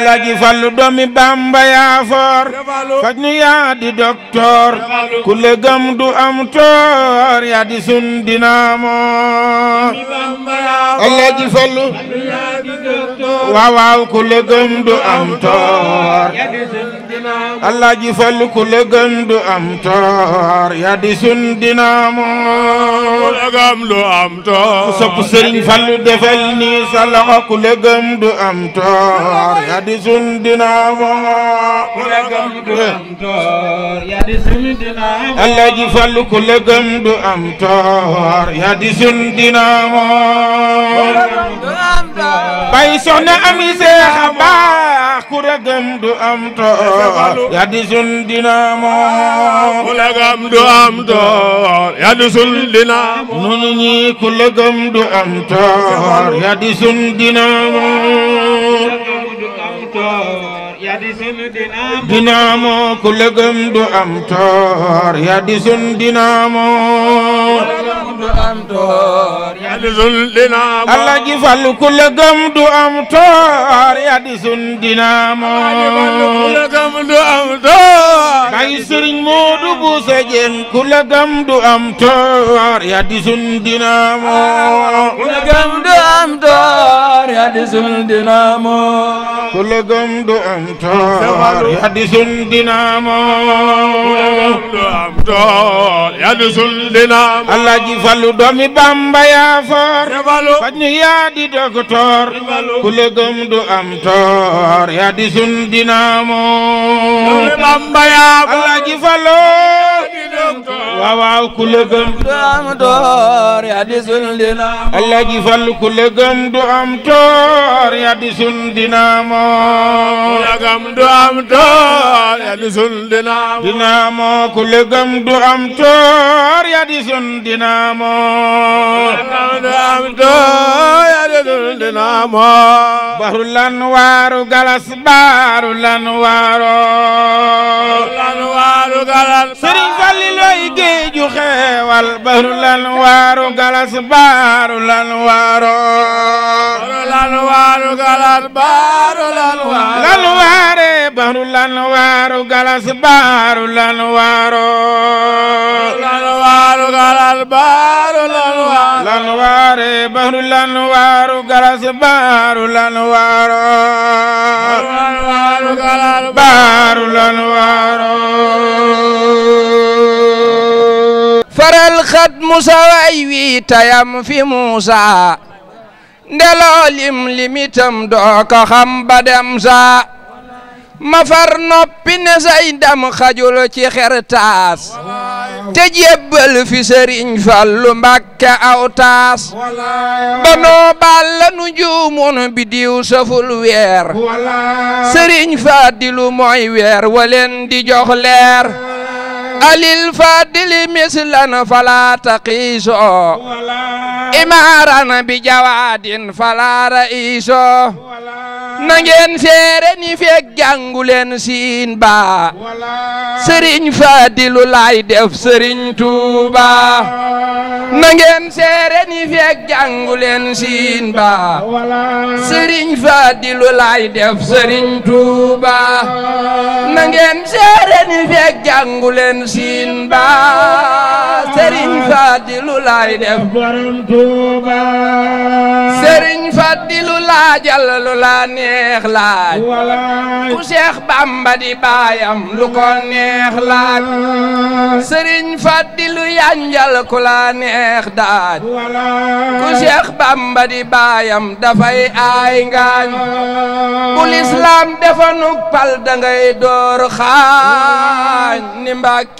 Alaji Fallu doomi Bamba yaa foor faj doktoor ku le gëm du am toor yaa di sun ku le gëm du am toor allah ji fal ku la gën du am toor yaa di sun dinaamu agam bay soxna ami seex baax ku la gëm yàddi sun dina sun dina moom. ñun ku la gëm du am toor. yàddi sun dina moom. ya di ku lëgëm du du am toor ya di sunu dinaamo Allah tool yaddi sun dinaamo yaddi sun dinaamo allah ji fallu doomi bamba yaa foor faj nu yaadi doktoor ku le gëm du am toor yaddi sun dinaamo bamba yaa foor allah ji fallu waaw waaw ku le gëm du am toor yaddi sun dinaamo allah ji fallu ku le gëm du am toor yaddi sun dinaamo gam du am toor ya di sun dinaamo dinaamo ku le gam du am toor ya di sun dinaamo gam du am toor ya di sun dinaamo baru lan waaru galas baru lan waaro lan waaru galas sëriñ Fallu looy géeju xeewal baru lan waaru galas baru lan baaru lan waaru lan lan waaru galas baaru lan waaru faral xat Musa way wi tayam fi Musa ndeloo lim limitam doo ko xam ba dem saa ma noppi ne say ndam xajul ci xer taas te jébbal fi sëriñ Fallu Mbàkke aw taas ba noo baal la nu juumoon bi diw saful weer sëriñ Fadilu mooy weer waleen di jox leer alil fadili mislan fala taqiso imaran bi jawadin fala raiso na seere ni fekk jànguleen siin ba sëriñ fadilu laay def sëriñ tuuba na seere ni fekk jànguleen siin ba siin ba sëriñ Fadilu laay def borom laajal lu la neex ku Seex Bamba di baayam lu ko neex laaj sëriñ Fadilu yanjal ku la neex ku Seex Bamba di baayam dafay aay ngaañ bu lislaam defanuk pal dangay door xaañ ni mbàkk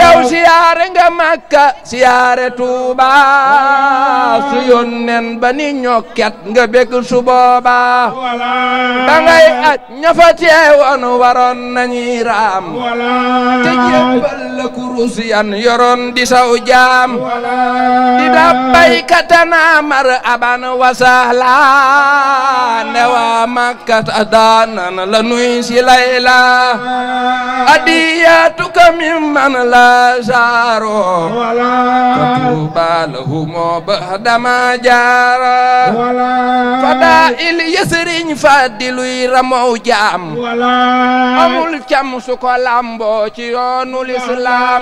yow siyaare nga Makka siyaare Tuuba su yónneen ba ni ñokket nga bég su booba ba ngay aj ña fa teewoon waroon nañuy raam te jébbal la kur rusiyan yoroon di saw jaam di dabbay katana mar aban wasahla ndewa makkat adaanan la nuy si layla adiyatuka mimman la saaro fatuuba lahumo bahdama jaara fada il yësëriñ fadiluy ramow amul cam su ko ci yoonul islam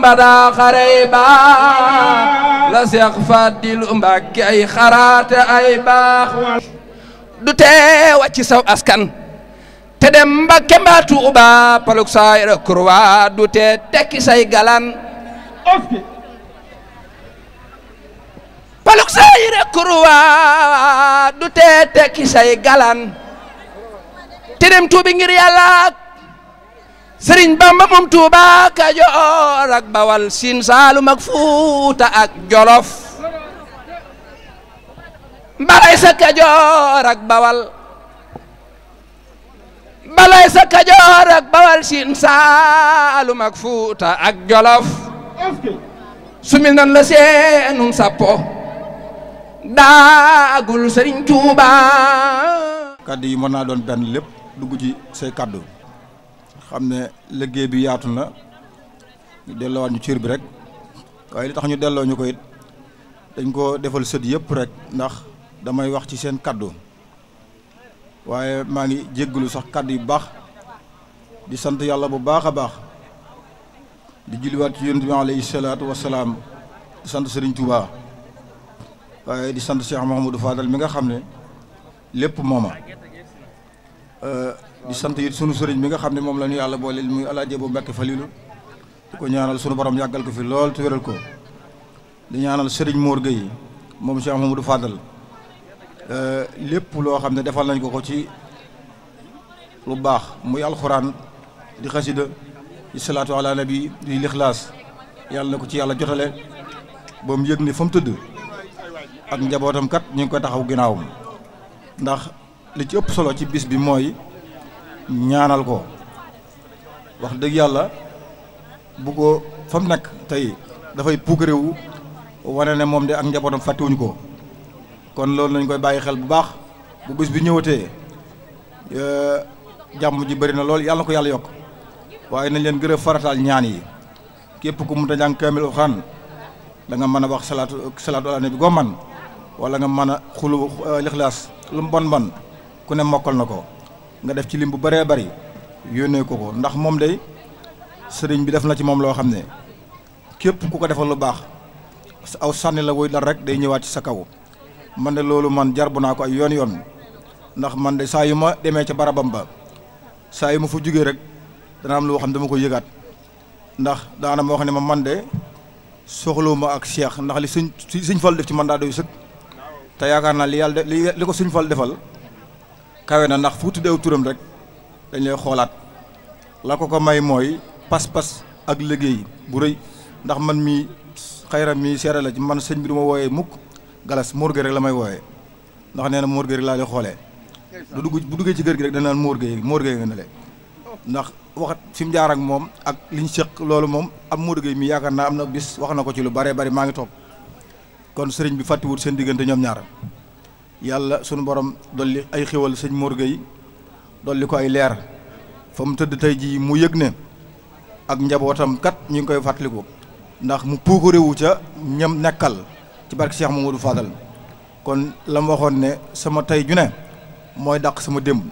Bamba daa xarey baax la Seex Fàdilu Mbàkke ay xaraate ay baax du tee wàcc saw askan te dem Mbàkke mbaa Tuuba paluk saay rek kurwa du say galan du tee tekki say galan te tuubi ngir Yàlla sëriñ bamba moom tuuba kajoor ak bawal siin saalum ak fuuta ak jolof balay sa kajoor sumil nan la seenum sappo daagul sëriñ Touba. kaddu yi mën naa doon benn lépp dugg ci say kaddu xam ne liggéey bi yaatu na ñu delloowaat ñu cër bi rek waaye li tax ñu delloo ñu ko it dañ ko defal sët yëpp rek ndax damay wax ci seen kaddu waaye maa ngi jéggalu sax kàdd yu baax di sant yàlla bu baax a baax di julliwaat ci yonent bi alayhi salaatu wasalaam di sant Serigne Touba waaye di sant Cheikh Mouhamadou Fadal mi nga xam ne lépp mooma euh, di sant it sunu sëriñ bi nga xam ne moom la ñu yàlla booleel muy alaaji bu Mbàkke Falilu di ko ñaanal sunu borom yàggal ko fi lool te wéral ko di ñaanal sëriñ Mor Gueye moom Cheikh Mamadou Fadal eh, lépp loo xam ne defal nañ ko ko ci lu baax muy alxuraan di xasida di salaatu ala nabi di lixlaas yàlla na ko ci yàlla jotale ba mu yëg ni fa mu tëdd ak njabootam kat ñu ngi koy taxaw ginnaawam ndax li ci ëpp solo ci bis bi mooy ñaanal ko wax dëgg yàlla bu ko fa nekk tey dafay puukarewu wane ne moom de ak njabootam fàttewuñu ko kon loolu lañ koy bàyyi xel bu baax bu bés bi ñëwatee eh, jàmm ji bëri na lool yàlla na ko yàlla yokk waaye nañ leen gën a farataal ñaan yi képp ku mënta jàng kaamil alxuraan da mën a wax salaatu salaatu ala nabi goo man wala nga mën a xulu eh, lixlaas lu mu bon bon ku ne mokkal na ko nga def ci lim bu bëree bëri yónnee ko ko ndax moom day sëriñ bi def na ci moom loo xam ne képp ku ko defal lu baax aw sànni la woy dal rek day ñëwaat ci sa kaw man de loolu man jarbu naa ko ay yoon yoon ndax man de saa yu ma demee ca barabam ba saa yu ma fa jugee rek dana am loo xam ne dama ko yëgaat ndax daana moo xam ne ma man de soxlawu ma ak seex ndax li suñ suñ fal def ci man daa doy sëkk te yaakaar naa li yàlla li ko suñ fal defal kawe na ndax fu tuddeew turam rek dañ lay xoolaat la ko ko may mooy pas-pas ak liggéey bu rëy ndax man mii xayram mii seere la ci man sëñ bi du ma wooyee mukk galas Mor Gueye rek la may wooyee ndax nee na Mor Gueye rek laa lay xoolee du bu duggee ci kër gi rek danaan Mor Gueye Mor Gueye nga ne ndax wax fi mu jaar ak moom ak liñ sëq loolu moom am Mor Gueye mi yaakaar naa am na bis wax na ko ci lu baree bari maa ngi toog kon sëriñ bi fàttiwut seen diggante ñoom ñaar yàlla sunu borom dolli ay xéwal sëñ Mor dool li ko ay leer fa mu tëdd tey jii mu yëg ne ak njabootam kat ñu ngi koy fàttaliku ndax mu puuku réewu ca ñam nekkal ci barke moom Mamadou Fadal kon la mu waxoon ne sama tey ju ne mooy daq sama démb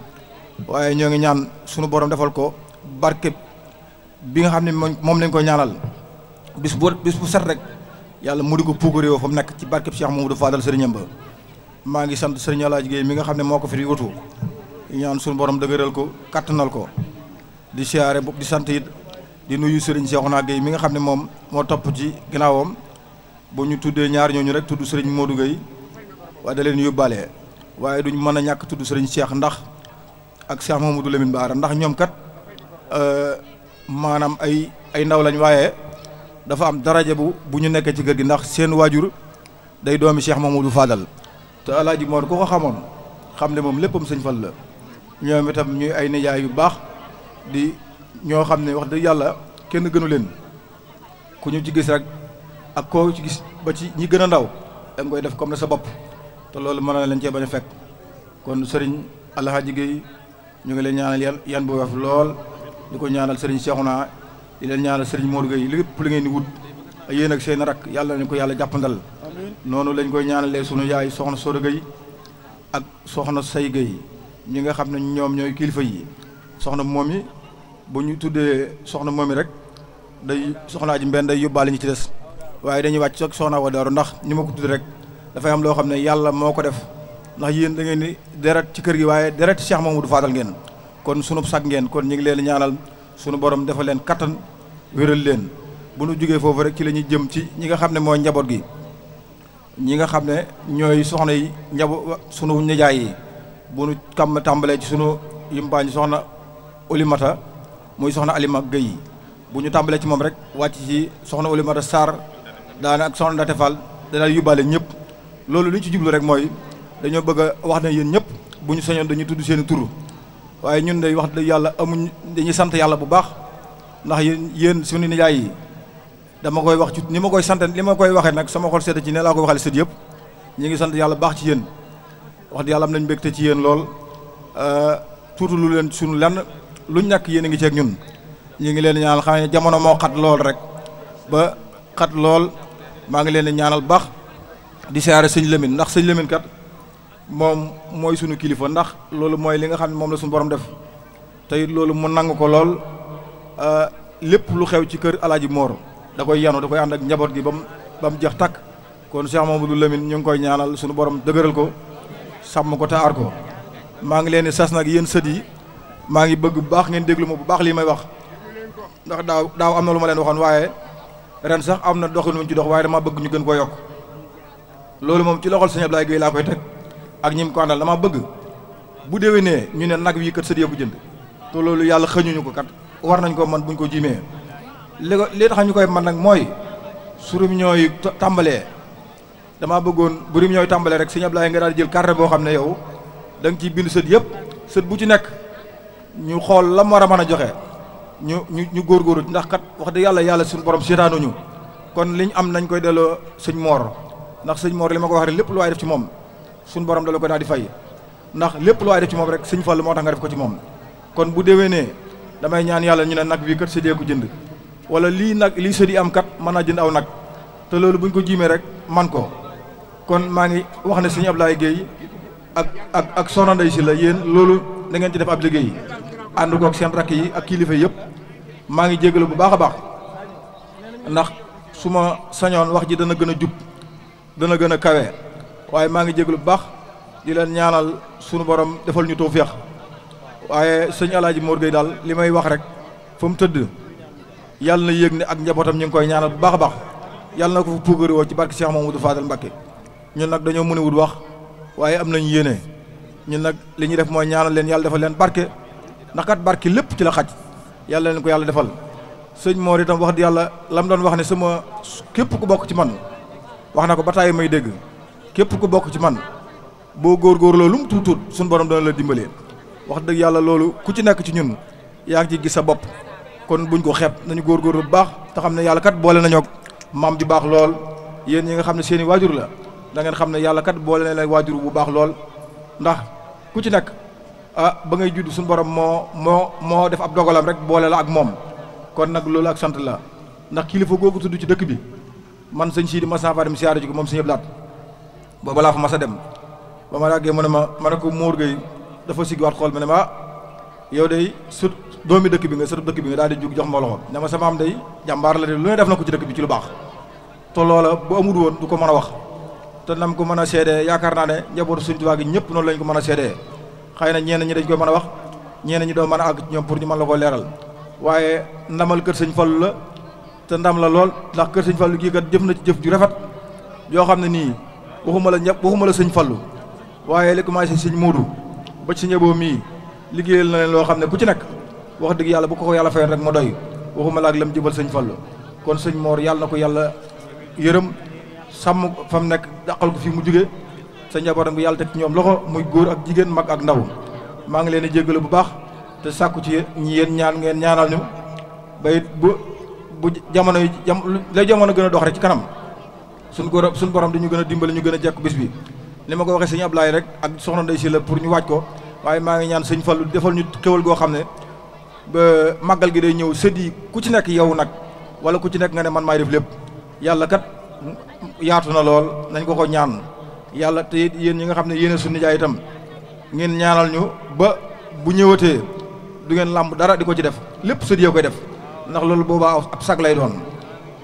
waaye ñoo ngi ñaan sunu borom defal ko barke bi nga xam ne moom lañ koy ñaanal bis bu bis bu set rek yàlla mu di ko puuku réew fa mu nekk ci barke Cheikh Mamadou Fadal sëriñam ba maa ngi sant sëriñ Alaaj Géey mi nga xam ne moo ko fi wutu ñaan suñu borom dëgëral ko kattanal ko di siyaare di sant it di nuyu sëriñ Seexuna Géey mi nga xam ne moom moo topp ci ginnaawam bu ñu tuddee ñaar ñooñu rek tudd sëriñ Modou Gueye waaye da leen yóbbaale waaye duñ mën a ñàkk tudd sëriñ seex ndax ak Cheikh Mamadou Lamine Baara ndax ñoom kat euh, maanaam ay ay ndaw lañ waaye dafa am daraja bu bu ñu nekkee ci kër gi ndax seen waajur day doomi Cheikh Mamadou Fadal te alaaji Mor ku ko xamoon xam ne moom léppam sëñ Fall la ñoom itam ñuy ay nijaay yu baax di ñoo xam ne wax dëgg yàlla kenn gënu leen ku ñu ci gis rek ak koo ci gis ba ci ñi gën a ndaw da koy def comme na sa bopp te loolu mën na leen cee bañ a fekk kon sëriñ Alhaaji Gueye ñu ngi leen ñaanal yan yan bu weef lool di ko ñaanal sëriñ Cheikhouna di leen ñaanal sëriñ Mor Gueye lépp li ngeen di wut yéen ak seen rak yàlla ñu ko yàlla jàppandal noonu lañ koy ñaanalee sunu yaay soxna Soro Gueye ak soxna Say Gueye ñi nga xam ne ñoom ñooy kilifa yi soxna moom yi bu ñu tuddee soxna moom yi rek day soxnaa ji mbenn day yóbbaale ñu ci des waaye dañuy wàcc soog soxna wa daaru ndax ñu ma ko tudd rek dafay am loo xam ne yàlla moo ko def ndax yéen da ngeen ni deret ci kër gi waaye deret ci Cheikh du Fadal ngeen kon sunub sag ngeen kon ñu ngi leen ñaanal sunu borom dafa leen kàttan wéral leen bu nu jógee foofu rek ci la ñuy jëm ci ñi nga xam ne mooy njaboot gi ñi nga xam ne ñooy soxna yi njabo sunu nijaay yi bu nu kam tàmbalee ci sunu yumpaañ soxna Olimata muy soxna Alima Gueye bu ñu tàmbalee ci moom rek wàcc ci soxna Olimata Sarr daana ak soxna Ndate Fall dana yóbbaale ñëpp loolu li ci jublu rek mooy dañoo bëgg a wax na yéen ñëpp bu ñu sañoon dañuy tudd seen tur waaye ñun day wax dëgg yàlla amuñ dañuy sant yàlla bu baax ndax yéen yéen sunu nijaay yi dama koy wax ci ni ma koy sant li ma koy waxee nag sama xol sedd ci ne laa koy waxale sët yëpp ñu ngi sant yàlla baax ci yéen wax di yàlla am nañ mbégte ci yéen lool euh, tuutu lu leen suñu lenn lu ñàkk yéen a ngi ceeg ñun ñu ngi leen ñaanal xam ne jamono moo xat lool rek ba xat lool maa ngi leen di ñaanal baax di siyaare sëñ Lamine ndax sëñ Lamine moom mooy sunu kilifa ndax loolu mooy li nga xam ne moom la suñu borom def tey loolu mu nangu ko lool euh, lépp lu xew ci kër alaaji Moor da koy yanu da koy ànd ak njaboot gi ba mu ba mu jeex takk kon Cheikh Mamadou Lamine ñu ngi koy ñaanal suñu borom dëgëral ko sàmm ko te ko maa ngi leen di sas nag yéen sët yi maa ngi bëgg bu baax ngeen déglu ma bu baax lii may wax ndax daaw daaw am na lu ma leen waxoon waaye ren sax am na doxin wuñ ci dox waaye dama bëgg ñu gën ko yokk loolu moom ci loxol sëñ Ablaye Gueye laa koy teg ak ñi mu ko àndal dama bëgg bu déwénee ñu ne nag wii kat sët yee ko jënd te loolu yàlla xëñuñu ko kat war nañ ko man buñ ko jiimee li ko li tax ñu koy man nag mooy su réunion yi tàmbalee damaa bëggoon bu réunion yi tàmbalee rek sëñ Ablaye nga daal jël carnet boo xam ne yow danga nga ciy bind sët yëpp sët bu ci nekk ñu xool la mu war a mën a joxe ñu ñu ñu góorgóorlu ndax kat wax dëgg yàlla yàlla suñu borom seetaanuñu kon liñ am nañ koy delloo sëñ Mor ndax sëñ moor li ma ko wax lépp lu waay def ci moom suñu borom dala ko daal di fay ndax lépp lu waay def ci moom rek sëñ Fall moo tax nga def moom kon bu ñaan yàlla ñu ne nag bii kat séddee ko jënd wala lii nag lii sëdi am kat mën naa jënd aw nag te loolu bu ñu ko jiimee rek man ko kon maa ngi wax ne suñu laay géey ak ak ak soxna Ndeye Sylla yéen loolu da ngeen ci def ab liggéey ànd ko ak seen rakk yi ak kilifa yëpp maa ngi jégalu bu baax a baax ndax su ma sañoon wax ji dana gën a jub dana gën a kawe waaye maa ngi jégalu bu baax di leen ñaanal sunu borom defal ñu tawfeex waaye sëñ Alaaji Mor Guèye daal li may wax rek fa mu tëdd yàlla na yéeg ne ak njabootam ñu ngi koy ñaanal bu baax a baax yàlla na ko fa puugari woo ci barke Cheikh Mamadou Fadal Mbacké ñun nag dañoo mënewul wax waaye am nañu yéene ñun nag li ñuy def mooy ñaanal leen yàlla defal leen barke ndax kat barke lépp ci la xaj yàlla leen ko yàlla defal sëñ Mor itam wax di yàlla lam doon wax ne sama képp ku bokk ci man wax na ko ba tàyyi may dégg képp ku bokk ci man boo góor lu mu tuut tuut suñu borom dana la dimbalee wax dëgg yàlla loolu ku ci nekk ci ñun yaa ngi ciy gis sa bopp kon buñ ko xeeb nañu góor bu baax te xam ne yàlla kat boole nañoo maam ju baax lool yéen ñi nga xam ne seeni waajur la dangeen xam ne yàlla kat boole na la waajur bu baax lool ndax ku ci nekk ah ba ngay judd suñu borom moo moo moo def ab dogalam rek boole la ak moom kon nag loolu ak sant la ndax kilifa googu tudd ci dëkk bi man sëñ Sidi Massa Fadim siyaare ji ko moom sëñ Abdou Lahat booba laa fa mas a dem ba ma ràggee mu ne ma ma ne ko Mor Gueye ma ne ma ah, doomi dëkk bi nga sëtu dëkk bi nga daal di jug jox ma loxo dama sama am day jàmbaar la de lu ne def na ko ci dëkk bi ci lu baax te loola bu amul woon du ko mën a wax te nam ko mën a seedee yaakaar naa ne njabootu Sëriñ Tuubaa gi ñëpp noonu lañ ko mën a seedee xëy na ñenn ñi dañ koy mën a wax ñenn ñi doo mën a àgg ñoom pour ñu mën la ko leeral waaye ndamal kër sëñ Fallu la te ndam la lool ndax kër sëñ Fallu gii kat jëf na jëf ju rafet yoo xam ne nii waxuma la ñëpp waxuma la Sëriñ Fallu waaye li commencé Sëriñ Moodu ba ci ñeboo mii liggéeyal na loo xam ne ku ci nekk wax dëgg yàlla bu ko ko yàlla fayoon rek ma doy waxuma laak lam jëbal sëñ Fallu kon sëñ Moor yàlla ko yàlla yërëm sàmm fa mu nekk daqal ko fi mu jugee sa njabootam bi yàlla te ñoom loxo muy góor ak jigéen mag ak ndaw maa ngi leen di jégalu bu baax te sàkku ci ñi yéen ñaan ngeen ñaanal ñu bayit bu bu jamono yi jam lay jamono gën a dox rek ci kanam suñ góor suñ borom di ñu gën a dimbali ñu gën a jekk bis bi li ma ko waxee sëñ laay rek ak soxna Ndey Sylla pour ñu waaj ko waaye maa sëñ Fallu defal ñu goo xam ne ba màggal gi day ñëw sët ku ci nekk yow nag wala ku ci nekk nga ne man maay def lépp yàlla kat yaatu na lool nañ ko ko ñaan yàlla te yéen ñi nga xam ne yéen sunu suñu nijaay itam ngeen ñaanal ñu ba bu ñëwatee du ngeen làmb dara di ko ci def lépp sët yoo koy def ndax loolu boobaa ab sag lay doon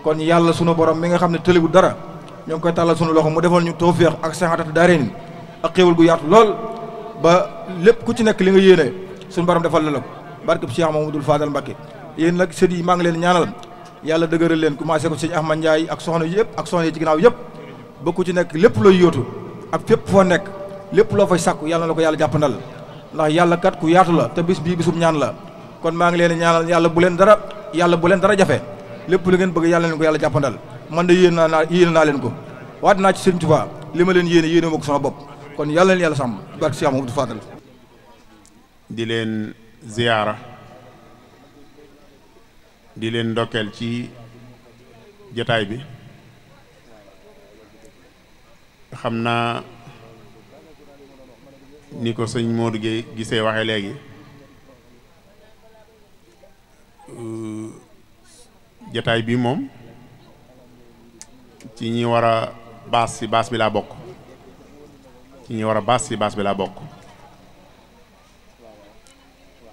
kon yàlla sunu borom mi nga xam ne tëliwul dara ñoo ngi koy tàllal sunu loxo mu defal ñu too tawféex ak sangatatu daareeni ak xéewal gu yaatu lool ba lépp ku ci nekk li nga yéene suñu borom defal la barkeb Cheikh Mamadou Fadal Mbacké yéen nag sët yi maa ngi leen ñaanal yàlla dëgëral leen commencé ko sëñ Ahmad Ndiaye ak soxna yëpp ak soxna yi ci ginnaaw yëpp lépp loo yóotu ak fépp foo nekk lépp loo fay sàkku yalla na ko yàlla jàppandal ndax yàlla kat ku yaatu la te bis bii bisum ñaan la kon maa ngi leen ñaanal yàlla bu leen dara yàlla bu leen dara jafe lépp lu ngeen bëgg yàlla leen ko yàlla jàppandal man de yéen naa yéen naa leen ko waat naa ci sëñ Tuubaa li ma leen yéene yéene ma ko sama bopp kon yàlla leen yàlla sàmm barke Cheikh Mamadou ziyaara di leen ndokkeel ci jataay bi xam naa ni ko sëñ Modou Guèye gisee waxe léegi euh, jataay bi moom ci ñi war a baas ci baas bi laa bokk ci ñi war a baas ci baas bi laa bokk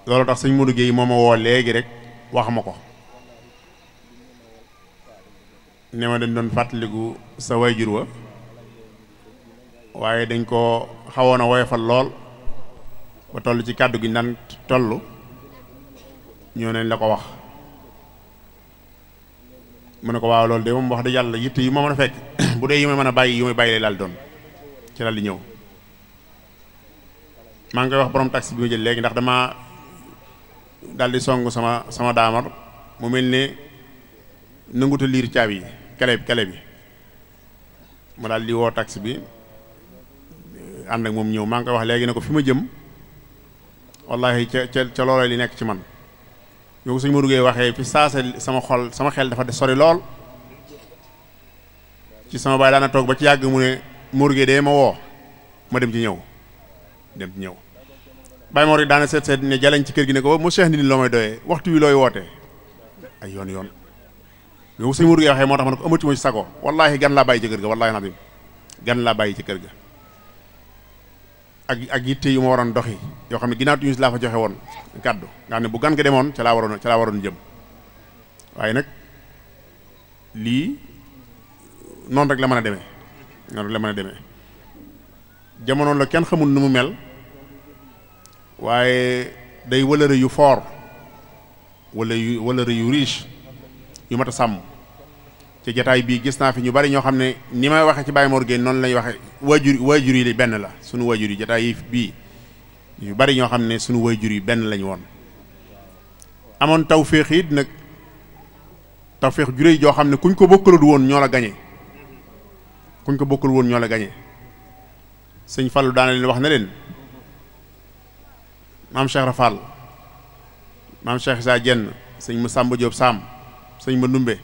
loolu tax sëñ Modou Guèye moo ma woo léegi rek wax ma ko ne ma dañ doon fàttaliku sa wayjur wa waaye dañ ko xawoon a woyofal lool ba toll ci kàddu gi nan tollu ñoo nañ la ko wax mu ne ko waaw loolu de moom wax dëgg yàlla yitt yi ma mën a fekk bu dee yi ma mën a bàyyi yu may bàyyi laal doon ci lal di ñëw maa ngi koy wax borom taxi bi ma jël léegi ndax dama di song sama sama daamar mu mel ni nanguta liir caabi yi kele kele bi mu daal di woo taxi bi ànd ak moom ñëw maa ngi koy wax léegi ne ko fi ma jëm wallahi ca ca ca looloo li nekk ci man yow suñu ma duggee waxee fi sa sama xol sama xel dafa de sori lool ci sama baay daana toog ba ci yàgg mu ne murgee dee ma woo ma dem ci ñëw dem ci ñëw Baye Mor yi daana seet seet ne jaleñ ci kër gi ne ko mu seex ni loo may doyee waxtu wi looy wootee ay yoon yoon yow suñu wóor yi waxee moo tax ma ne ko amatuma ci sago wallaahi gan laa bàyyi ci kër ga wallaahi nabi gan laa bàyyi ci kër ga ak ak yitte yu ma waroon doxi yoo xam ne ginnaaw tuuti laa fa joxe woon kàddu nga xam ne bu gan nga demoon ca laa waroon ca laa waroon jëm waaye nag lii noonu rek la mën a deme noonu rek la mën a demee jamono la kenn xamul nu mu mel waaye day wëlëre yu fort wala yu wëlëre yu riche yu mat a sàmm ci jataay bii gis naa fi ñu bari ñoo xam ne ni may waxee ci Baye Mor Gueye noonu lañuy waxe waajur waajur yi benn la sunu waajur yi jataay yi bii yu bari ñoo xam ne sunu waajur yi benn lañu woon amoon tawféex it nag tawféex ju réy joo xam ne kuñ ko bokkalul woon ñoo la gañe kuñ ko bokkul woon ñoo la gañe sëñ Fallou daana leen wax na leen maam Cheikh Rafal maam Cheikh Isaa Jenn sëñ ma Sàmba Jóob sàmb sëñ ma Ndumbe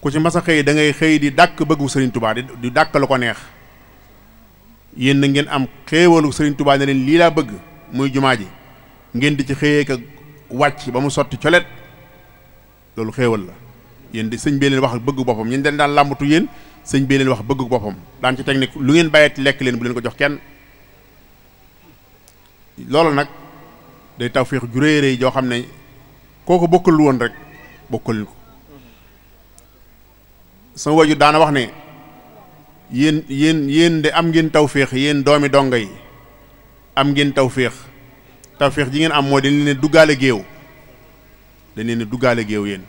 ku ci mas a xëy da ngay xëy di dàkk bëggu sëriñ Tubaa di dàkk ko neex yéen na ngeen am xéewalu sëriñ Tubaa ne leen lii laa bëgg muy jumaa ji ngeen di ci xëyee ka wàcc ba mu sotti colet loolu xéewal la yéen di sëñ bee leen wax bëggu boppam ñeen den daan làmbatu yéen sëñ bee leen wax bëggu boppam daan ci technique lu ngeen bàyyee lekk leen bu leen ko jox kenn loolu nag day tawféex ju rëy rëy joo xam ne kooku bokkul woon rek bokkul ko sama waju daana wax ne yéen yéen yéen de am ngeen tawféex yéen doomi dongo yi am ngeen tawféex tawféex ji ngeen am moo dañ leen duggaale géew dañ leen duggaale géew yéen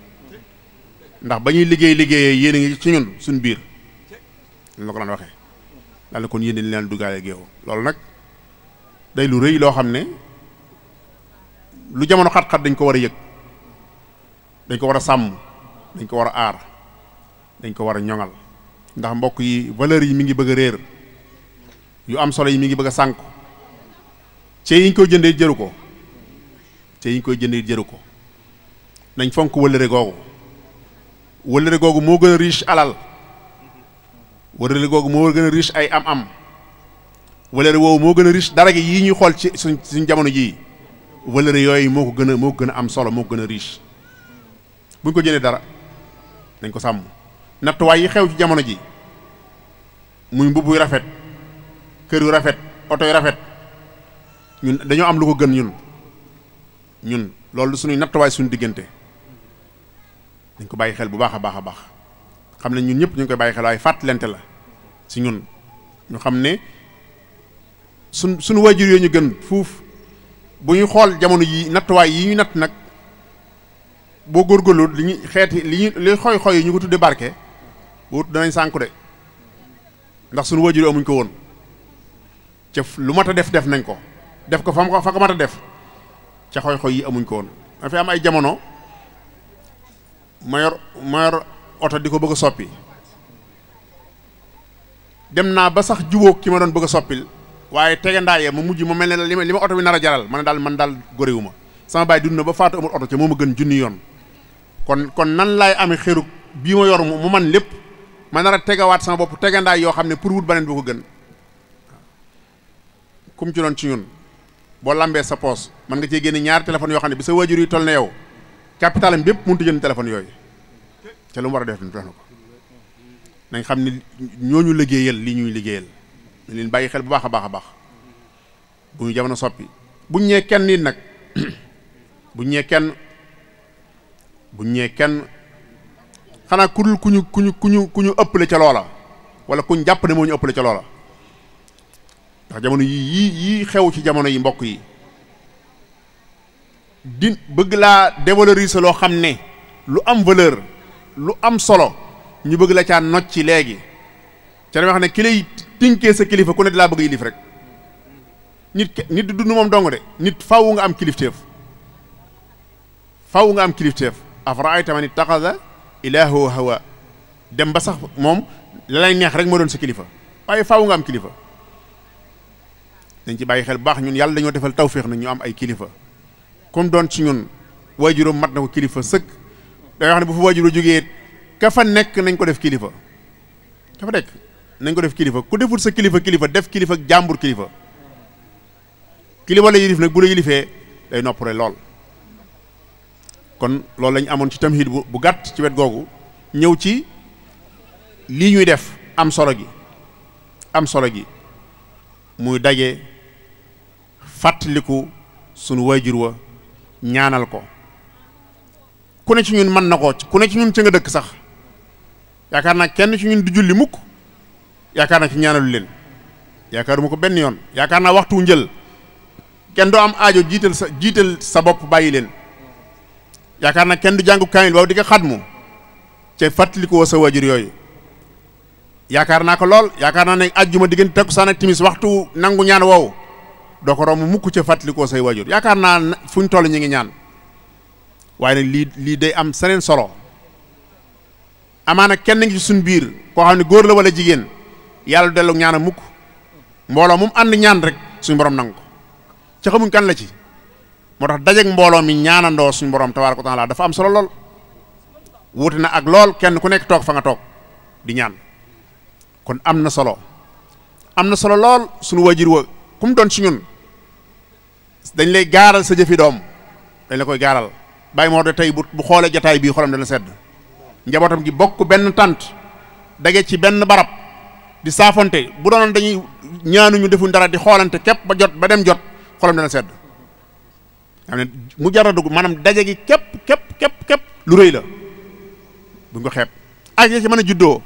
ndax ba ñuy liggéey liggéeyee yéen a ngi ci ñun suñ biir la ko daan waxee daal kon yéen dañ leen duggaale géew loolu nag day lu rëy loo xam ne lu jamono xat-xat dañ ko war a yëg dañ ko war a sàmm dañ ko war a aar dañ ko war a ñoŋal ndax mbokk yi valeurs yi mi ngi bëgg a réer yu am solo yi mi ngi bëgg a sànku ci yi ñu koy jëndee jëru ko ci yi ñu koy jëndee jëru ko nañ fonk wëllëre googu wëllëre googu moo gën a riche alal wëllëre googu moo gën a riche ay am-am. wëlëre woowu moo gën a riche dara gi yii ñuy xool ci suñ suñ jamono jii wëlëre yooyu moo ko gën a moo gën a am solo moo ko gën a riche buñ ko jëlee dara dañ ko sàmm nattuwaay yi xew ci jamono ji muy mbubb yu rafet kër yu rafet oto yu rafet ñun dañoo am lu ko gën ñun ñun loolu suñuy nattuwaay suñu diggante dañ ko bàyyi xel bu baax a baax a baax xam ne ñun ñëpp ñu koy bàyyi xel waaye fàttalante la si ñun ñu xam ne sun suñu waajur yooyu ñu gën fuuf bu ñuy xool jamono yi nattuwaay yi ñu natt nag boo góorgóorlu li ñu xeeti li ñu li xoy xoy yi ñu ko tuddee barke wut danañ sànku de ndax suñu waajur amuñ ko woon ca lu mat a def def nañ ko def ko fa ko fa ko mat a def ca xoy xoy yi amuñ ko woon dafa am ay jamono mayor mayor oto di ko bëgg a soppi dem naa ba sax jubóog ki ma doon bëgg a soppil waaye tegandaaye ma mujj ma mel ne li ma li ma oto bi nar a jaral ma ne daal man daal góorewu ma sama baay dund na ba faatu amul oto ca moo ma gën junni yoon kon kon nan laay amee xërug bii ma yor mu man lépp ma nar a tegawaat sama bopp tegandaay yoo xam ne pour wut beneen bu ko gën kum ci doon ci ñun boo lambee sa poos mën nga cee génne ñaari téléphone yoo xam ne bi sa waajur yi toll na yow capital am bépp mënut a jënd téléphone yooyu ca lu mu war a def def na ko nañ xam ne ñooñu liggéeyal li ñuy liggéeyal dañ leen bàyyi xel bu baax a baax a baax bu ñu jamono soppi buñ ñee kenn nii nag bu ñee kenn bu ñee kenn xanaa ku dul ku ñu ku ñu ku ñu ku ñu ëppale ca loola wala kuñ jàpp ne moo ñu ëppale ca loola ndax jamono yii yii yii xew ci jamono yi mbokk yi di bëgg laa dévaloriser loo xam ne lu am valeur lu am solo ñu bëgg la caa nocci léegi ca wax ne ki lay tinkee sa kilifa ku ne dalaa bëgg yilif rek nit nit du dund moom dong de nit faw nga am kilifteef faw nga am kilifteef afaraayta man ittaxada ilaahu hawa dem ba sax moom la neex rek moo doon sa kilifa waaye faw nga am kilifa dañ ci bàyyi xel baax ñun yàlla dañoo defal tawféex na ñu am ay kilifa kon doon ci ñun waajuram mat na ko kilifa sëkk day wax ne bu fa waajuro jógee ka fa nekk nañ ko def kilifa dafa nekk nañ ko def kilifa ku deful sa kilifa kilifa def kilifa jàmbur kilifa kilifa la yilif nag bu la yilifee day noppale lool kon loolu lañu amoon ci tamhid bu gàtt ci wet googu ñëw ci lii ñuy def am solo gi am solo gi muy daje fàttaliku sunu wayjur wa ñaanal ko ku ne ci ñun mën na ko ku ne ci ñun ci nga dëkk sax yaakaar naa kenn ci ñun du julli mukk yaakaar naa ci ñaanalu leen yaakaar mu ko benn yoon yaakaar naa waxtu njël kenn doo am aajo jiital sa jiital sa bopp bàyyi leen yaakaar naa kenn du jàngu kaamil waaw di ko xadmu ca fàttalikoo sa waajur yooyu yaakaar naa ko lool yaakaar naa ne ajjuma diggante takkusaan ak timis waxtu nangu ñaan woowu doo ko romb mukk ca fàttalikoo say waajur yaakaar naa fu ñu toll ñu ngi ñaan waaye nag lii lii day am seneen solo amaana kenn ngi ci suñ biir koo xam ne góor la wala jigéen yàlla dellu ñaan mukk mbooloo mu ànd ñaan rek suñu borom nangu ko ca kan la ci moo tax dajeeg mbooloo mi ñaanandoo suñu borom tabaaraka taala dafa am solo lool wuute na ak lool kenn ku nekk toog fa nga toog di ñaan kon am na solo am na solo lool suñu wajur wa ku mu doon ci ñun dañ lay gaaral sa jëfi doom dañ la koy gaaral bàyyi moo de tey bu bu xoolee jataay bii xolam dana sedd njabootam gi bokk benn tànt dage ci benn barab di saafonte bu doonoon dañuy ñaanuñu defuñ dara di xoolante képp ba jot ba dem jot xolam dana sedd xam mu jara dugg daje gi képp képp képp képp lu rëy la buñ ko xeeb ak ya ci mën a juddoo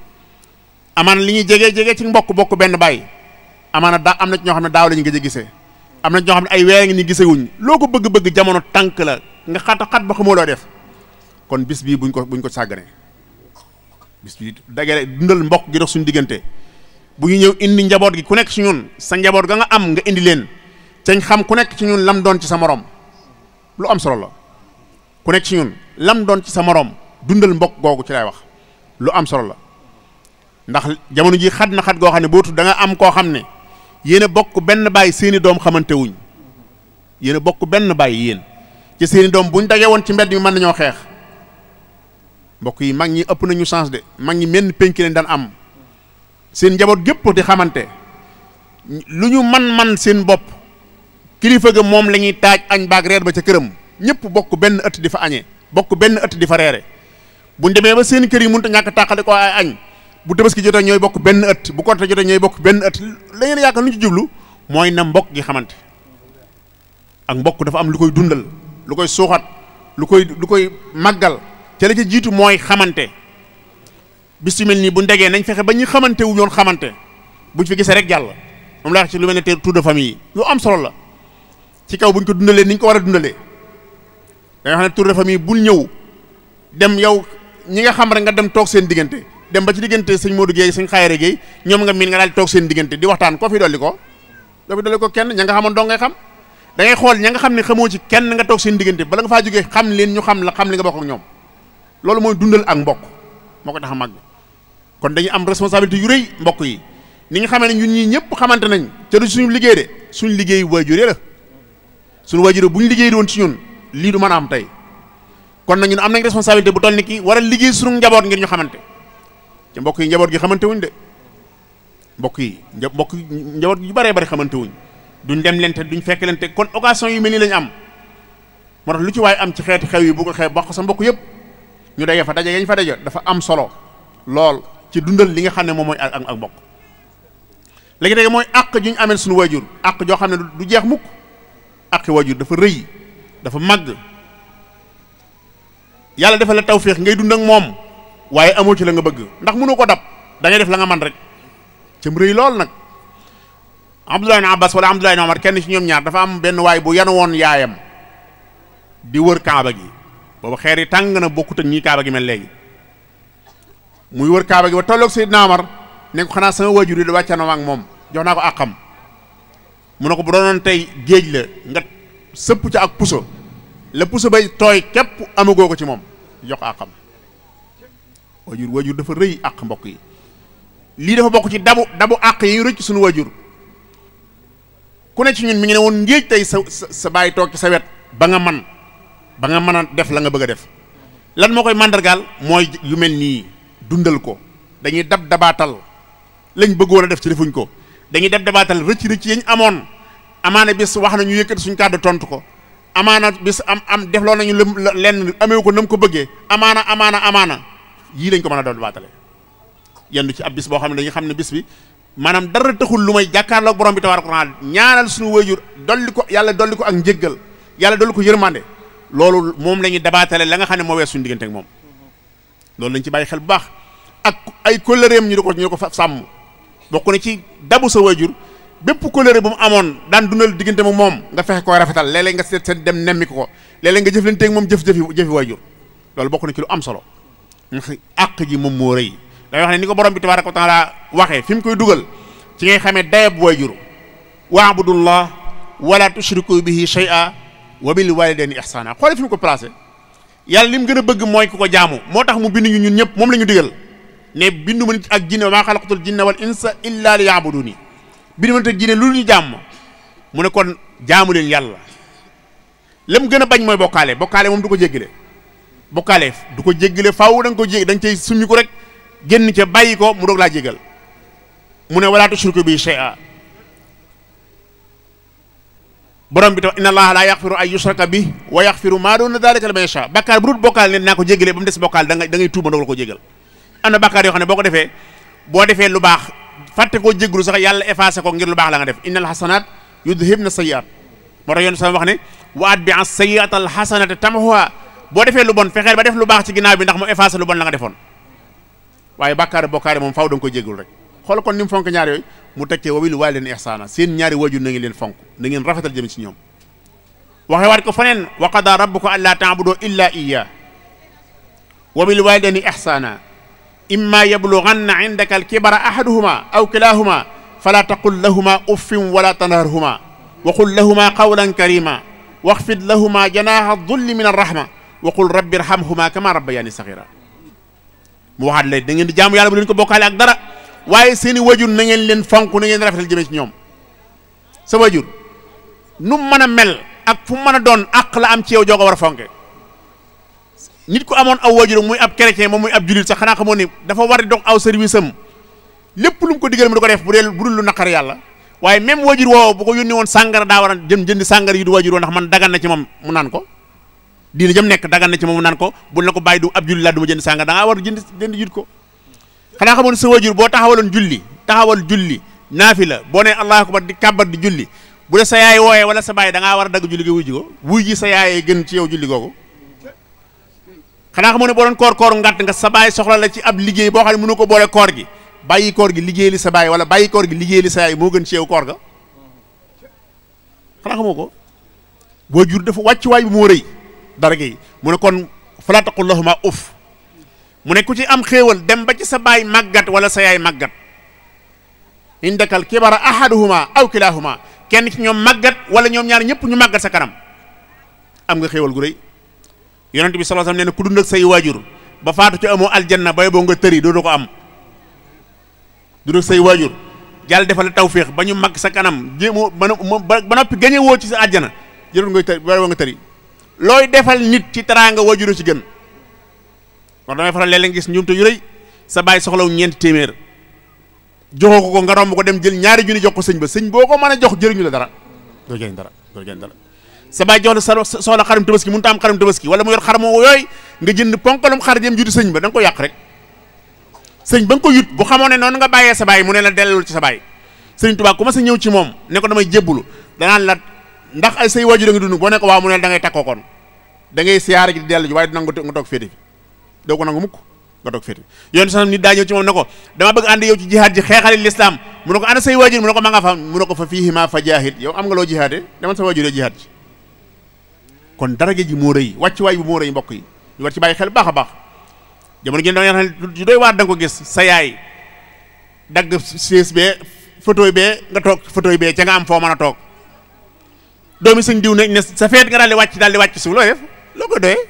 amaana li ñuy jegee jegee ci mbokk bokk benn bàyyi amaana daa am na ñoo xam ne daaw la ñu gëj a gisee am na ñoo xam ne ay weer ngi ni gisewuñ loo ko bëgg-bëgg jamono tànk la nga xat xat ba xamoo loo def kon bis bii buñ ko buñ ko sàggane bis bii dagale dundal mbokk gi dox suñu diggante bu ñu ñëw indi njaboot gi ku nekk ci ñun sa njaboot ga nga am nga indi leen cañ xam ku nekk ci ñun lam doon ci sa morom lu am solo la ku nekk ci ñun lam doon ci sa morom dundal mbokk googu ci lay wax lu am solo la ndax jamono ji xat na xat goo xam ne boo tudd da am koo xam ne yéen a bokk benn bàyyi seeni doom xamantewuñ wuñ bokk benn bàyyi yéen ci seeni doom buñ dagee woon ci mbedd mi mën nañoo xeex mbokk yi mag ñi ëpp nañu chance de mag ñi menn penk leen daan am. seen njaboot gépp di xamante lu ñu man-man seen bopp kilifa ga moom la ñuy taaj añ baag reer ba ca këram ñëpp bokk benn ëtt di fa añee bokk benn ëtt di fa reere bu demee ba seen kër yi mun a ñàkk tàqale ko ay añ bu tabaski jotee ñooy bokk benn ëtt bu korite jotee ñooy bokk benn ëtt la ngeen yaakaar lu ñu ci jublu mooy na mbokk gi xamante ak mbokk dafa am lu koy dundal lu koy suuxat lu koy lu koy màggal ca la ca jiitu mooy xamante bis yu mel nii bu ndegee nañ fexe ba ñu xamante wu ñoon xamante buñ fi rek jàll moom laa wax ci lu mel ne tour de famille lu am solo la ci kaw buñ ko dundalee niñ ko war a dundalee da nga xam ne tour de famille bul ñëw dem yow ñi nga xam rek nga dem toog seen diggante dem ba ci diggante sëñ Modou Guèye sëñ Xayre Guèye ñoom nga miin nga daal toog seen diggante di waxtaan koo fi dolli ko doo fi dolli ko kenn nga xamoon da ngay xool ña nga xam ne xamoo ci kenn nga toog seen diggante bala nga faa jógee xam leen ñu xam la xam li nga bokk ñoom loolu mooy dundal ak mbokk moo ko tax a màgg kon dañu am responsabilité yu rëy mbokk yi ni nga xamee ne ñun ñii ñëpp xamante nañ te suñu liggéey de suñu liggéey waajur la suñu waajur bu ñu liggéey doon ci ñun lii du mën a am tey kon nag ñun am nañ responsabilité bu toll ni kii war liggéey suñu njaboot ngir ñu xamante ci mbokk yi njaboot gi xamante wuñ de mbokk yi mbokk njaboot yu baree bari xamante wuñ duñ dem leen duñ fekk leen kon occasion yu mel nii lañu am moo tax lu ci waay am ci xeeti xew yi bu ko xew wax ko sa mbokk yëpp ñu daje fa daje yañ fa daje dafa am solo lool ci dundal li nga xam ne moom mooy ak ak mbokk léegi léegi mooy àq juñ ñu amel suñu waajur àq joo xam ne du jeex mukk àqi waajur dafa rëy dafa màgg yàlla defal la tawféex ngay dund ak moom waaye amoo ci la nga bëgg ndax mënu ko dab da def la nga man rek cam rëy lool nag Abdullah ibn Abbas wala Abdullah ibn Omar kenn ci ñoom ñaar dafa am benn waay bu yan woon yaayam di wër kaaba gi boobu xeer yi tàng na bokkut ak ñii kaaba gi mel léegi muy wër kaaba gi ba tolloog Seydina Omar ne ko xanaa sama waajur yi da wàccee na ak moom jox naa ko àqam mu ne ko bu doonoon tey géej la nga sëpp ca ak puso la puso bay tooy képp amagoo ko ci moom jox àqam waajur waajur dafa rëy àq mbokk yi lii dafa bokk ci dabu dabu àq yi rëcc suñu waajur ku ne ci ñun mi ngi woon ngéej tey sa sa bàyyi toog ci sa wet ba nga man ba nga mën def la nga bëgg a def lan moo koy màndargaal mooy yu mel nii dundal ko dañuy dab dabaatal lañ bëggoon a def ci defuñ ko dañuy dab dabaatal rëcc rëcc yañ amoon amaana bis wax nañu yëkkati suñ kàddu tontu ko amaana bis am am def loo nañu lëm lenn ameewu ko nam ko bëggee amaana amaana amaana yii lañ ko mën a doon baatale yendu ci ab bis boo xam ne xam ne bis bi maanaam dara taxul lu may jàkkaarloog borom bi tabaaraka wa taala ñaanal suñu wayjur dolli ko yàlla dolli ko ak njëggal yàlla dolli ko yërmande loolu moom la ñuy dabaatale la nga xam ne moo wees suñu diggante moom loolu nañ ci bàyyi xel bu baax ak ay kóllëreem ñu di ko ñu di ko sàmm bokk na ci dabu sa wajur bépp kóllëre bu mu amoon daan dundal diggante mu moom nga fexe koy rafetal léeg nga seet seen dem nemmi ko ko léeg-léeg nga jëflanteeg moom jëf-jëfi jëfi wajur loolu bokk na ci lu am solo àq ji moom moo rëy day wax ne ni ko borom bi tabaaraka wa taala waxee fi mu koy dugal ci ngay xamee dayab wajur waabudullah wala tushriku bihi shay'a wa bil walidayni ihsana xoole fi mu ko placé yàlla li mu gën a bëgg mooy ku ko jaamu moo tax mu binduñu ñun ñëpp moom la ñu digal ne bindu ma nit ak jinne maa xalaqatul jinna wal insa illa li yaabuduni bindu ma nit ak jinne lu ñu jàmm mu ne kon jaamu leen yàlla la mu gën a bañ mooy bokkaale bokkaale moom du ko jéggale bokkaale du ko jéggale faaw dañ ko jég dañ nga cay suñu ko rek génn ca bàyyi ko mu doog laa jégal mu ne wala tushriku bi shay'a borom bi tam inna allaha laa yaxfiru ay yusraka bi wa yaxfiru maa doona daalika liman yashaa bàkkaar bu dul naa ko jégalee ba mu des bokkaal da ngay da ngay tuuba ndogal ko jégal am na bàkkaar yoo xam ne boo ko defee boo defee lu baax fàtte koo jégalu sax yàlla effacé ko ngir lu baax la nga def innal xasanaat yudhibna sayyi'aat moo tax yoon sama wax ne wa atbi'i sayyi'ata al xasanata tamhuha boo defee lu bon fexeel ba def lu baax ci ginnaaw bi ndax mu effacé lu bon la nga defoon waaye bàkkaar moom faaw da nga koy jégalu rek xool kon ni mu fonk ñaar yooyu mu teg ci wa bil waalidayni ihsaana seen ñaari waajur na ngeen leen fonk na ngeen rafetal jëm ci ñoom waxe waat ko feneen wa qadaa rabbuka allaa ta'budu illaa iyyaa wa bil waalidayni ihsaana immaa yablughanna 'indaka al-kibara ahaduhumaa aw kilaahumaa falaa taqul lahumaa uffin wa laa tanharhumaa wa qul lahumaa qawlan kariimaa waxfid lahumaa janaaha ad-dulli mina ar-rahma wa qul rabbi irhamhumaa kamaa rabbayaanii saghiiraa mu waxaat léegi da ngeen di jaamu yàlla bu leen ko bokkaale ak dara waaye seeni i wajur na ngeen leen fonk na ngeen rafetal jëmee ci ñoom sa wajur nu mën a mel ak fu mën a doon àq la am ci yow joo ko war a fonke nit ku amoon aw wajur muy ab chrétien moom muy ab jullit sax xanaa xamoon ni dafa war di dox aw service lépp lu mu ko digal mu di ko def bu dee bu dul lu naqar yàlla waaye même wajur woowu bu ko yónni woon sàngara daa war a jëm jëndi sàngara yu du wajur woo ndax man dagan na ci moom mu naan ko diina jëm nekk dagan na ci moom mu naan ko buñ la ko bàyyi du ab jullit laa du ma jënd sàngara ko xanaa xamoon sa waajur boo taxawaloon julli taxawal julli naafila boo nee allahu akbar di kàbbat di julli bu dee sa yaay wooyee wala sa baay da war a dagg julli gi wuy ji ko wuy ji sa yaayee gën ci yow julli googu xanaa xamoon ne boo doon koor koor ngàtt nga sa baay soxla la ci ab liggéey boo xam ne mënu ko boole koor gi bàyyi koor gi liggéey li sa baay wala bàyyi koor gi liggéey li sa yaay moo gën ci yow koor ga xanaa xamoo ko waajur dafa wàcc waay bi moo rëy dara gi mu ne kon mu ne ku ci am xéewal dem ba ci sa baay màggat wala sa yaay màggat indakal kibara ahaduhuma aw kilahuma kenn ci ñoom màggat wala ñoom ñaar ñëpp ñu màggat sa kanam am nga xéewal gu rëy yonent bi sa alayhi wasallam nee ku dund ak say waajur ba faatu ci amoo aljanna bay boo nga tëri doo ko am dund ak say waajur yàlla defal la tawféex ba ñu màgg sa kanam jéem ba noppi gañe woo ci sa àjjana jërul ngay tëri bay boo nga tëri looy defal nit ci teraanga waajur ci gën kon damay faral léeg-léeg gis njuumte yu rëy sa baay soxlawu ñeenti téeméer joxoo ko ko nga romb ko dem jël ñaari junni jox ko sëñ ba sëñ boo ko mën a jox jëriñu la dara doo jëriñ dara doo jëriñ dara sa bàyyi jox la sa soxla xaram tabaski mënut a am xaram tabaski wala mu yor xaramoo yooyu nga jënd ponkalum xar jëm judi sëñ ba da nga ko yàq rek sëñ ba nga ko yut bu xamoon ne noonu nga bàyyee sa bàyyi mu ne la dellul ci sa bàyyi sëñ Tuubaa ku ma sa ñëw ci moom ne ko damay jébbulu danaan la ndax ay say waajur da nga dund boo ne ko waaw mu ne da ngay takkoo kon da ngay siyaare ji di dellu ji waaye dina nga toog féete fi doo ko nangu mukk nga toog féete yoon sax nit daa ñëw ci moom ne ko dama bëgg ànd yow ci jihaad ji xeexali lislaam mu ne ko ana say waajur mu ne ko ma nga fa mu ne ko fa fiihima fa yow am nga loo jihaade demal sa waajur jihaad ji kon daraja ji moo rëy wàccuwaay bi moo rëy mbokk yi ñu war ci bàyyi xel baax a baax jamono gi danga xam ne doy waar da nga ko gis sa yaay dagg siis bee fauteuil bee nga toog fauteuil bee ca nga am foo mën a toog doomi sëñ diw ne sa feet nga daal di wàcc daal di wàcc suuf looy def loo ko doyee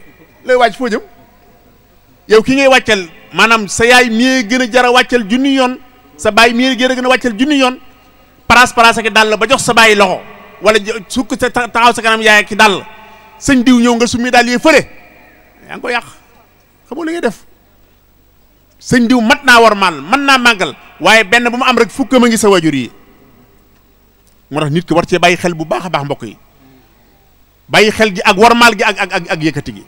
looy wàcc foo yow ki ngay wàccal maanaam sa yaay mi gën a jar a wàccal junni yoon sa baay mii gën a gën a wàccal junni yoon paras paras ak dàll ba jox sa baay loxo wala sukk sa taxaw sa kanam yaay ki dàll sëñ diw ñëw nga summi daal yee fële yaa ngi yàq xamoo li ngay def sëñ diw mat naa war maal mën naa màngal waaye benn bu mu am rek fukk a ngi sa wajur yi moo tax nit ki war cee bàyyi xel bu baax a baax mbokk yi bàyyi xel gi ak war warmaal gi ak ak ak yëkkati gi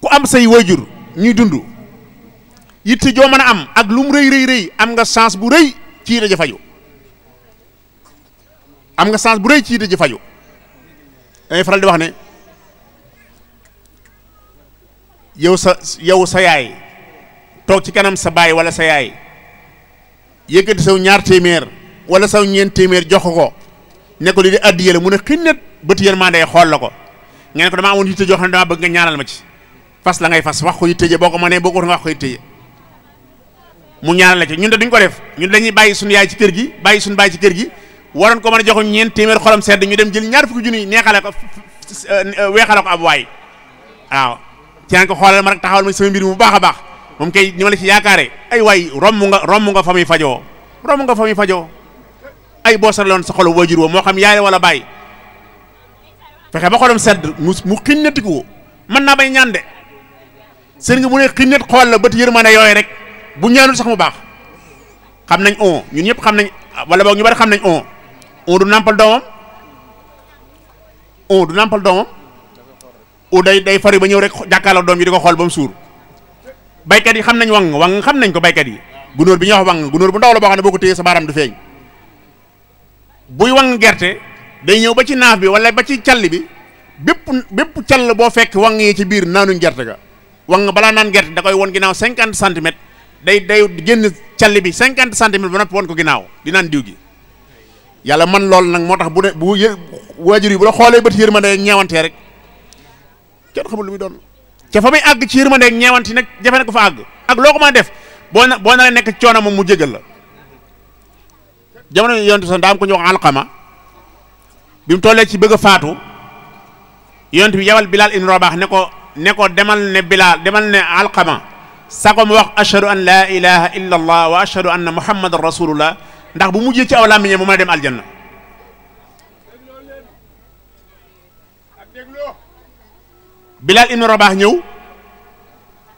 ku am say wajur ñuy dund yitte joo mën a am ak lum rëy rëy rëy am nga chance bu rëy ci yitte ja faju am nga chance bu rëy ci yitte ja faju dangay faral di wax ne yow sa yow sa yaay toog ci kanam sa baay wala sa yaay yëkkati saw ñaar téeméer wala saw ñeen téeméer jox ko nekk ko li di addiye la mu ne xinnet bëtt yéen maa ndey xool la ko ngeen ko damaa amoon yitte joo xam ne damaa bëgg nga ñaanal ma ci fas la ngay fas wax ko yu tëje boo ko mënee boo ko wax ko yu tëje mu ñaan la ci ñun de duñ ko def ñun dañuy bàyyi suñu yaay ci kër gi bàyyi suñu baay ci kër gi waroon ko mën a joxuñ ñeent téeméer xolam sedd ñu dem jël ñaar fukki junni neexale ko weexale ko ab waay waaw ci naan ko xoolal ma rek taxawal ma sama mbir mu baax a baax moom kay ni ma la ci yaakaare ay waay romb nga nga fa muy fajoo romb nga fa muy fajoo ay boo sotaloon sa xolu waajur wa moo xam yaay wala baay fexe ba xolam sedd mën naa bay ñaan sëriñ bu ne xinnet xool la bët yërmande yooyu rek bu ñaanul sax mu baax xam nañ on ñun ñëpp xam nañ wala boo ñu bari xam nañ on on du nàmpal doomam on du nàmpal doomam on day day fari ba ñëw rek jàkkaarloo doom yi di ko xool ba mu suur baykat yi xam nañ wang wang xam nañ ko baykat yi gunóor bi ñuy wax wang gunóor bu ndaw la boo xam ne boo ko téyee sa baaraam du feeñ buy wang gerte day ñëw ba ci naaf bi wala ba ci call bi bépp bépp call boo fekk wan yi ci biir naanuñ gerte ga wax nga balaa naan gerte da koy won ginnaaw cinquante centimètres day day génn calli bi cinquante centimètres ba noppi won ko ginaaw di naan diw yàlla man loolu nag moo tax bu ne bu yë yi bu la xoolee bët yërmande ak ñeewantee rek kenn xamul lu muy doon ca fa muy àgg ci yërmande ak ñeewante nag jafe na ko fa àgg ak loo ko mën def boo na boo na nekk coono moom mu jégal la jamono yonent sax daa am ko ñu wax alqama bi mu tollee ci bëgg a faatu yonent bi yabal Bilaal ibn Rabaax ne ko ne demal ne Bilaal demal ne alxama sako mu wax ashhadu an laa ilaha illa allah wa ashhadu anna muhammadan rasulullah ndax bu mujjee ci aw làmmiñam mu mën a dem aljanna Bilaal ibnu Rabaah ñëw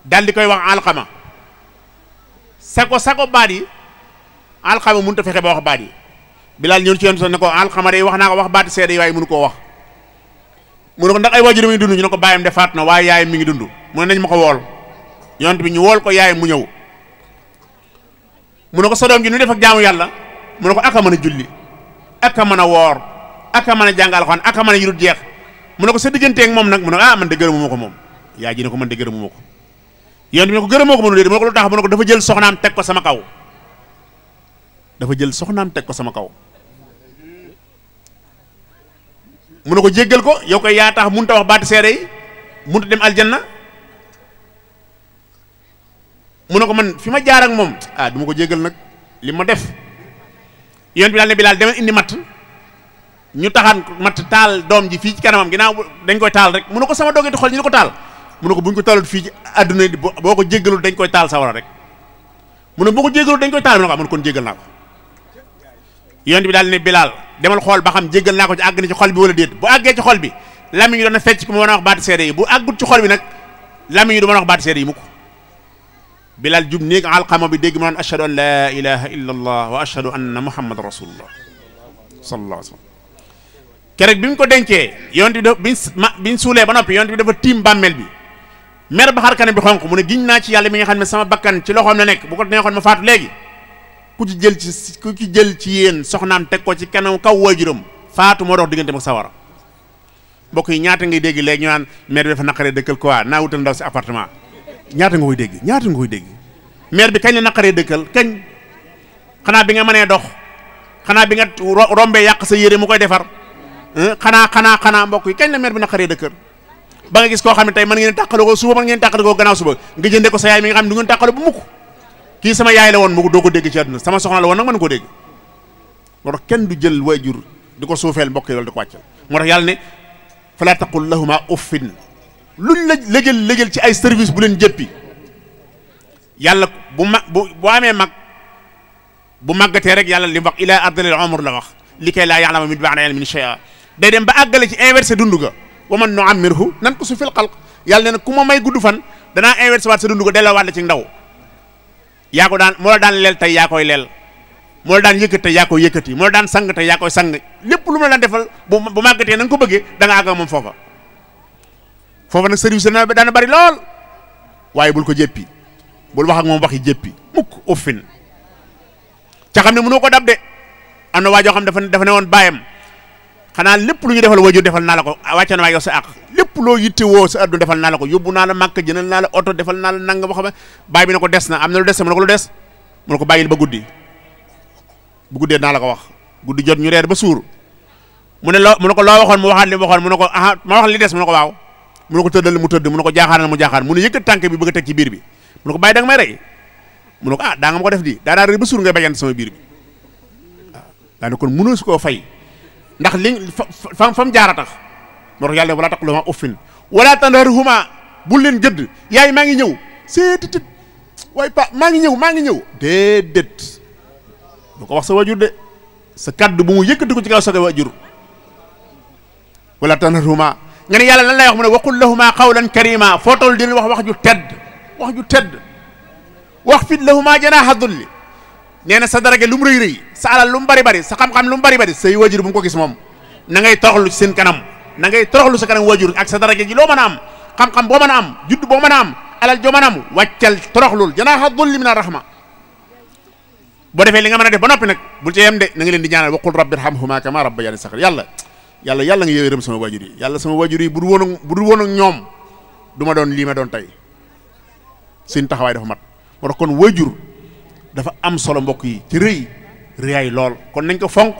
daal di koy wax Alqama sago sago baat yi Alqama mënut a fexe ba wax baat yi Bilaal ñëw ci yoon so ne ko Alqama day wax naa ko wax baati seede yi waaye mënu koo wax mu ne ko ndax ay waajuram yi dund ñu ne ko bàyyam de faat na waaye yaayam mi ngi dund mu ne nañ ma ko wool yonent bi ñu wool ko yaayam mu ñëw mu ne ko sa doom ji nu def ak jaamu yàlla mu ne ko aka mën a julli aka mën a woor aka man a jàngal xon aka mën a yurut jeex mun ne ko sa digganteeg moom nag mu ne ko ah man de gërëmuma ko moom yaa ji ne ko man de gërëmuma ko yonent bi ne ko gërëmoo ko mu ne déet mu ne ko lu tax mu a ko dafa jël soxnaam teg ko sama kaw jël soxnaam teg ko sama kaw mu na ko jéggal ko yow koy yaa tax mënut a wax baati seere yi mënut a dem aljanna mun ne ko man fi ma jaar moom ah du ma ko jéggal nag li ma def yonent bi daal ne Bilaal demal matt ñu taxaan mat taal doom ji fii ci kanamam ginnaaw dañ koy taal rek mu na ko sama dogeeti xol ñu ne ko taal mun ne ko bu ñu ko taalut fii ci àdduna boo ko jéggalul dañ koy taal sawara rek mun ne boo ko jéggalul dañ koy taal mu ne ko ah man kon jéggal naa ko yonent bi daal ne bilaal demal xool ba xam jéggal naa ko ci àgg na ci xol bi wala déet bu àggee ci xol bi lamiñ doon na fecc ku mu mën a wax seede yi bu àggut ci xol bi nag lamiñ du mën a wax baati seede yi mukk bilaal jub néeg alqama bi dégg mu naan ashhadu an laa ilaha illa allah wa ashhadu anna muhammad rasulullah sallallahu alayhi wa sallam bi mu ko dencee yonent bi da biñ biñ suulee ba noppi yonent bi dafa tiim bàmmeel bi mer ba xarkanam bi xonq mu ne giñ naa ci yàlla mi nga xam ne sama bakkan ci loxoom nekk bu ko neexoon ma faatu léegi ku ci jël ci ku ci jël ci yéen soxnaam teg ko ci kanam kaw waajuram faatu moo dox diggante ak sawara mbokk yi ñaata ngay dégg léegi ñu naan maire bi dafa naqaree dëkkal quoi naa wutal ndaw si appartement ñaata nga koy dégg ñaata nga koy dégg maire bi kañ la naqaree dëkkal kañ xanaa bi nga mënee dox xanaa bi nga rombee yàq sa yére mu koy defar xanaa xanaa xanaa mbokk yi kañ la maire bi naqaree dëkkal ba nga gis koo xam ne tey mën ngeen tàqale ko suba mën ngeen tàqale ko gannaaw suba nga jëndee ko sa yaay mi nga xam du ngeen tàqale bu mukk lii sama yaay la woon mu doo ko dégg ci àdduna sama soxna la woon nag mën koo dégg moo tax kenn du jël waajur di ko suufeel mbokk yi wala di ko wàccal moo tax yàlla ne falaa taqul lahuma uffin luñ la lëjël ci ay service bu leen jëppi bu ma bu bu amee mag bu màggatee rek yàlla li mu wax ilaa ardalil umr la wax li kay laa ya'lama min ba'di ilmin shay'an day dem ba àggale ci inversé dund ga wa man nu'ammirhu nan ko su fil xalq yàlla ne ku ma may gudd fan danaa inversé waat sa dund ga delloowaat la ci ndaw yaa ko daan moo la daan leel tey yaa koy leel moo la daan yëkkat tey yaa koy yëkkati moo la daan sang tey yaa koy sang lépp lu ma la daan defal bu bu màggatee na ko bëggee da nga àgg moom foofa foofa nag service na daana bari lool waaye bul ko jéppi bul wax ak moom waxi jéppi mukk uffin ca xam ne mënoo ko dab de am na waa joo xam dafa dafa ne woon baayam xanaa lépp lu ñu defal wajur la ko ah, wàcce na maa yow sa àq lépp loo yittewoo sa addu defal naa ko yóbbu naa la màkk jënal naa la oto defal naa la nanga boo xam bi ne ko des na am na lu des mu ne ko lu des mu ne ko ba guddi bu guddee naa la ko wax guddi jot ñu reer ba suur mu ne loo mu ko loo waxoon mu waxaat li mu mu ne ko ah ma wax li des mu ne ko waaw mu ne ko tëddal mu tëdd mu ne ko jaaxaanal mu jaaxaan mu ne yëkkat tànk bi bëgg a teg ci biir bi mu ne ko bàyyi da nga may rey ne ko ah daa nga def di daa daa rey ba suur ngay bañante sama biir bi waaw ne kon mënoo su koo fay ndax li fa fa mu jaar a tax moo tax yàlla wala taqulu ma uffin wala tanharhuma bul gëdd yaay maa ngi ñëw seetitit waaye pa maa ngi ñëw maa ngi ñëw déedéet bu ko wax sa wajur de sa kaddu bu mu yëkkati ko ci kaw sa wajur wala tanharhuma nga ne yàlla lan lay wax mu ne waqul lahuma qawlan karima foo toll di leen wax wax ju tedd wax ju tedd wax fit lahuma janaaha nee na sa darage lu mu rëy rëy sa alal lu bari bari sa xam-xam lu mu bari bari say wajur bu mu ko gis moom na ngay toroxlu ci seen kanam na ngay toroxlu sa kanam wajur ak sa darage ji loo mën am xam-xam boo mën a am judd boo mën a am alal joo mën a am wàccal toroxlul janaaxa dulli min arrahma boo defee li nga ma a def ba noppi nag bul ci yem de na nga leen di ñaanal waqul rabbi irhamhuma kama rabbayani saghira yàlla yàlla yàlla nga yërëm sama wajur yi yàlla sama wajur bu dul woon bu dul woon ak ñoom du doon lii ma doon tey seen taxawaay dafa mat moo tax kon wajur dafa am solo mbokk yi ci rëy rëyaay lool kon nañ ko fonk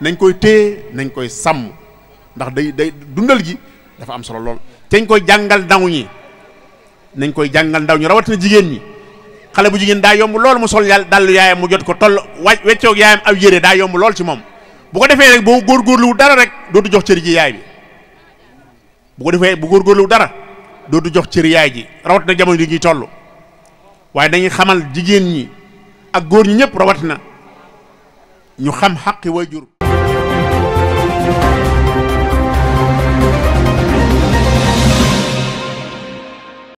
nañ koy téye nañ koy sàmm ndax day day dundal ji dafa am solo lool teñ koy jàngal ndaw ñi nañ koy jàngal ndaw ñi na jigéen ñi xale bu jigéen daa yomb lool mu sol yàlla dallu yaayam mu jot ko toll waaj weccoog yaayam aw yére daa yomb lool ci moom bu ko defee rek boo góor góorgóorluwu dara rek dootu jox cër ji yaay bi bu ko defee bu góorgóorluwu dara dootu jox cër yaay ji rawatina jamono yi ñuy toll waaye ak góor ñi ñëpp rawatina ñu xam xaqi waajur